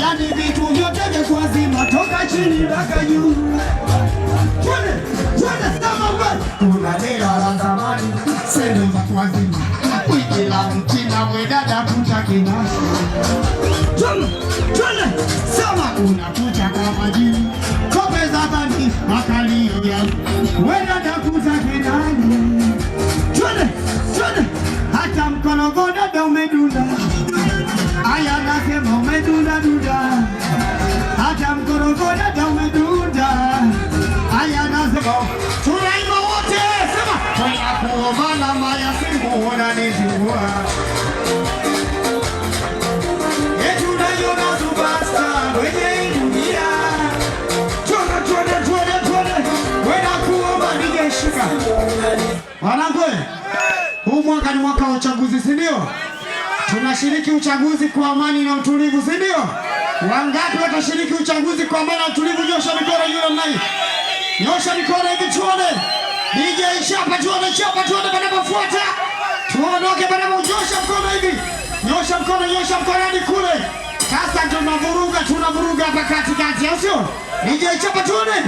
yani vitu vyote vya kuazima toka chini mpaka juu. Kuna dela la zamani sema za kuazima, wiki la mchina wedada kucha kinasi, sema kucha kwa majini kope za bani makalia wedada kucha kinani, hata mkono godada umedunda duda hata mkorogora umedunda. Haya nasema tunaimba wote, sema tunakuomana maya simu unanijua tunaiona zubasta huu mwaka ni mwaka wa uchaguzi, si ndio? tunashiriki uchaguzi kwa amani na utulivu, si ndio? Wangapi watashiriki uchaguzi kwa amani na utulivu? Nyosha mikono yule nai, nyosha mikono hivi tuone. DJ chapa, tuone chapa, tuone panapofuata, tuondoke ya kunyosha mkono hivi, nyosha mkono, nyosha mkono hadi kule. Sasa tunavuruga, tunavuruga hapa katikati, au sio? DJ chapa, tuone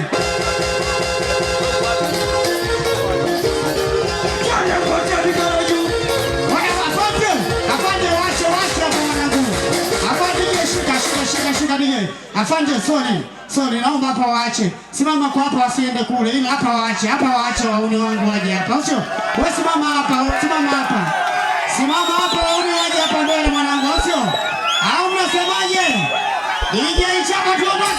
Asante, Soni, Soni, naomba hapa waache. Simama kwa hapa wasiende kule. Ila hapa waache. Hapa waache wauni wangu waje hapa. Sio? Wewe simama hapa, simama hapa. Simama hapa wauni waje hapa mbele mwanangu, sio? Au mnasemaje? DJ Chapa tuondoke.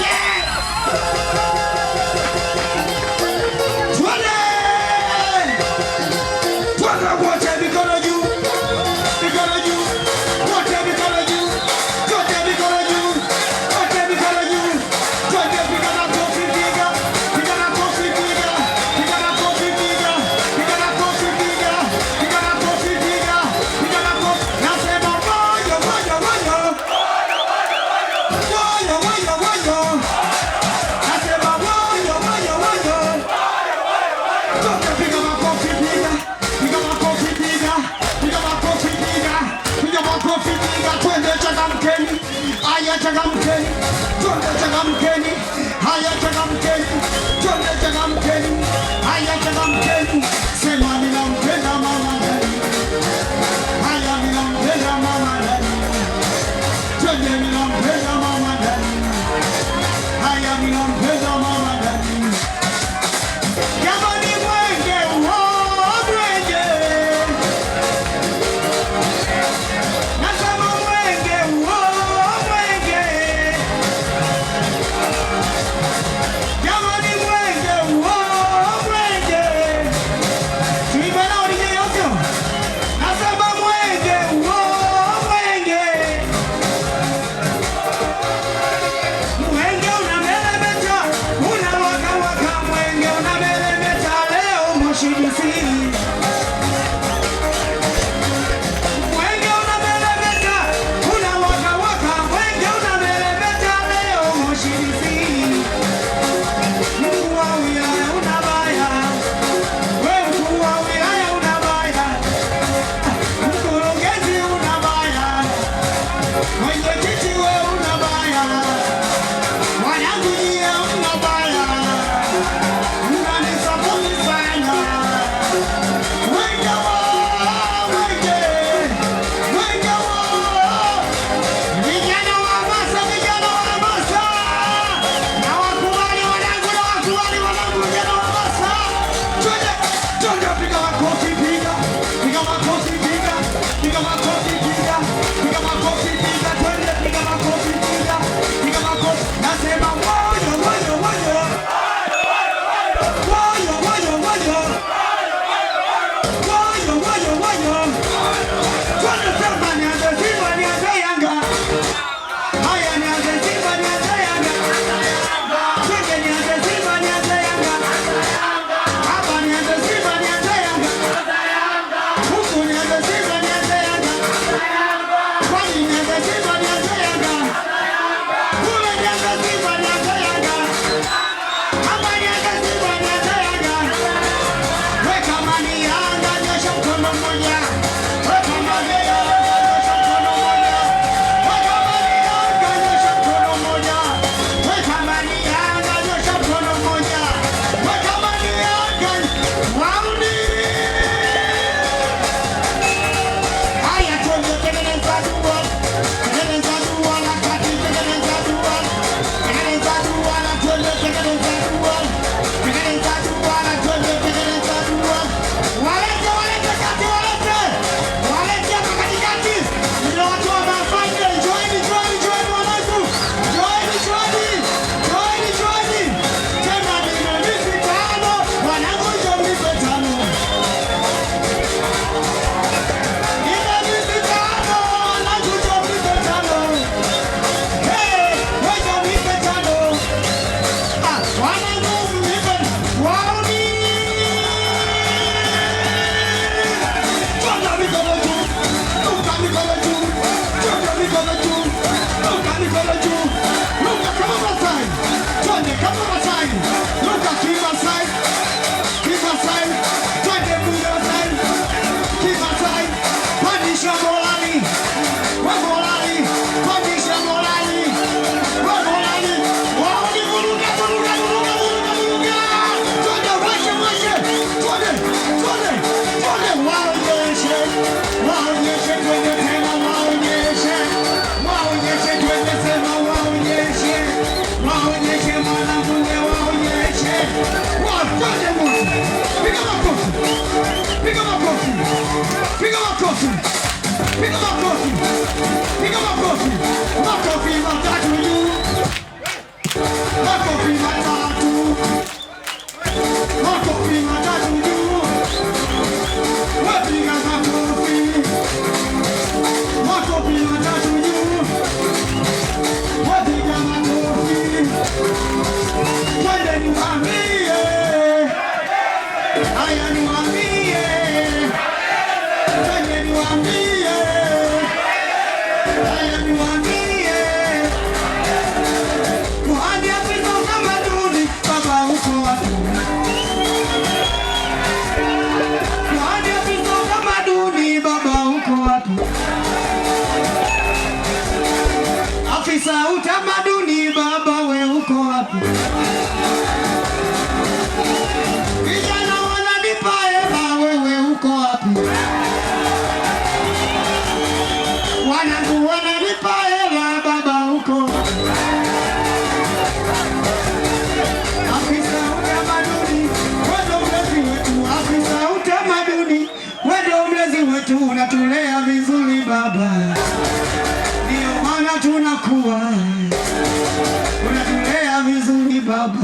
baba,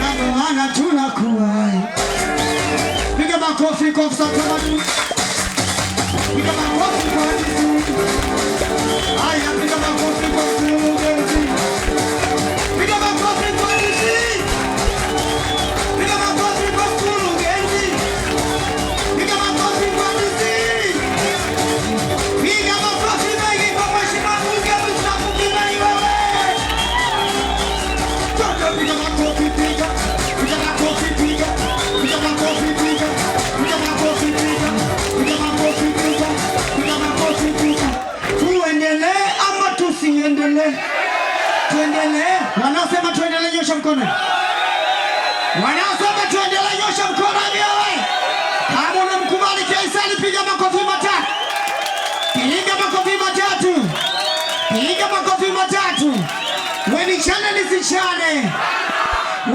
na ndio maana tunakuwa. Piga makofi kwa msatamaduni, piga makofi kwa Mungu. Haya, piga makofi kwa Mungu. mikono. Wanaosema tuendelee, nyosha mkono wewe. Kama unamkubali Kaisari piga makofi matatu. Piga makofi matatu. Piga makofi matatu. Wenichane nisichane.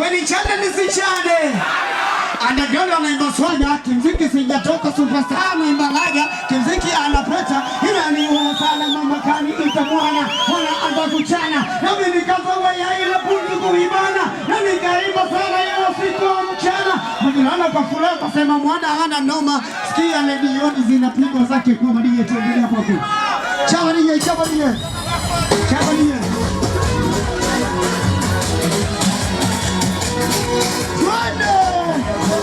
Wenichane nisichane. Andegele anaimba swaga, kimziki sijatoka superstar, anaimba laga, kimziki anapeta, ila ni usalama mwakani itamwana mwana ambakuchana nami nikazowa ya ila punju kuimana na nikaimba sana ya usiku wa mchana, majirani kwa furaha kasema mwana hana noma, sikia ledioni zinapigwa zake kwa kumadiye tuendelea kwa kuu chabadiye chabadiye chabadiye Rwanda!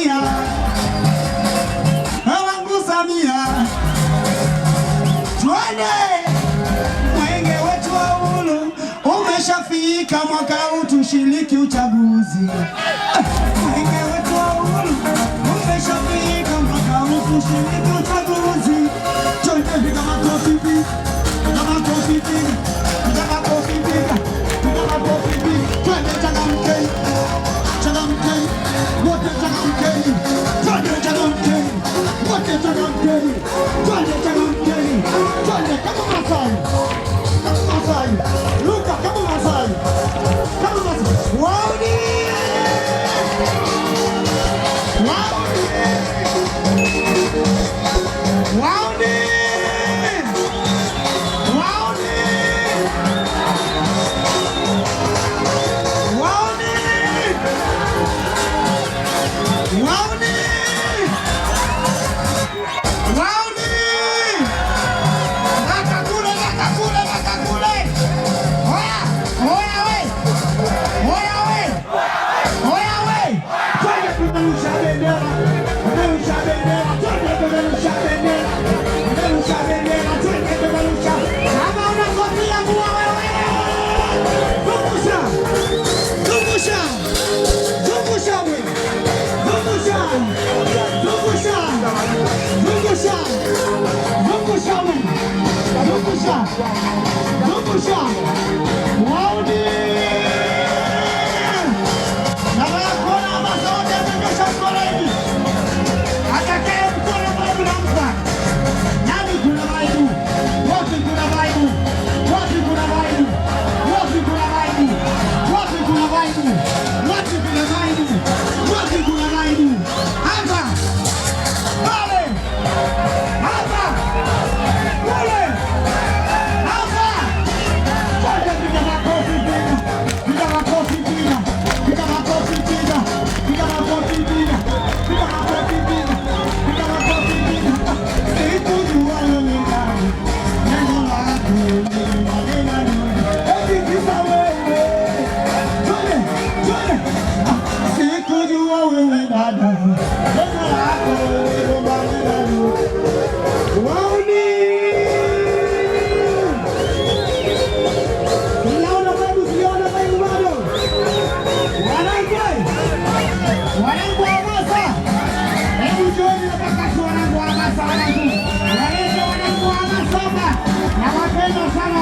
Samia, kawangu Samia, twende mwenge wetu wa uhuru umeshafika, mwaka huu tushiriki uchaguzi. Mwenge wetu wa uhuru umeshafika, mwaka huu tushiriki Vamos já! a La leche a la a La a la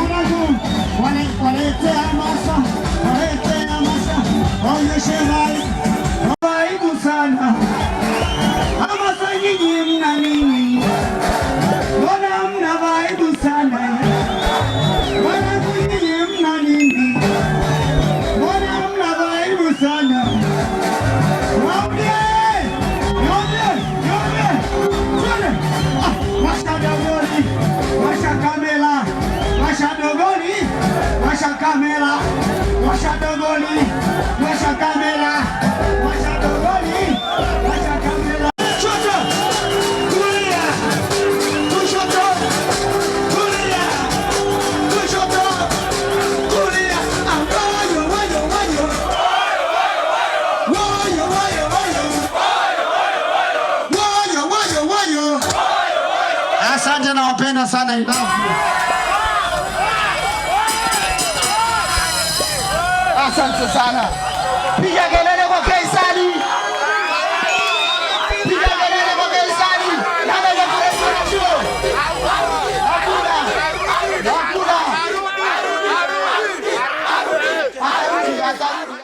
não nawapenda sana enough. Asante sana, piga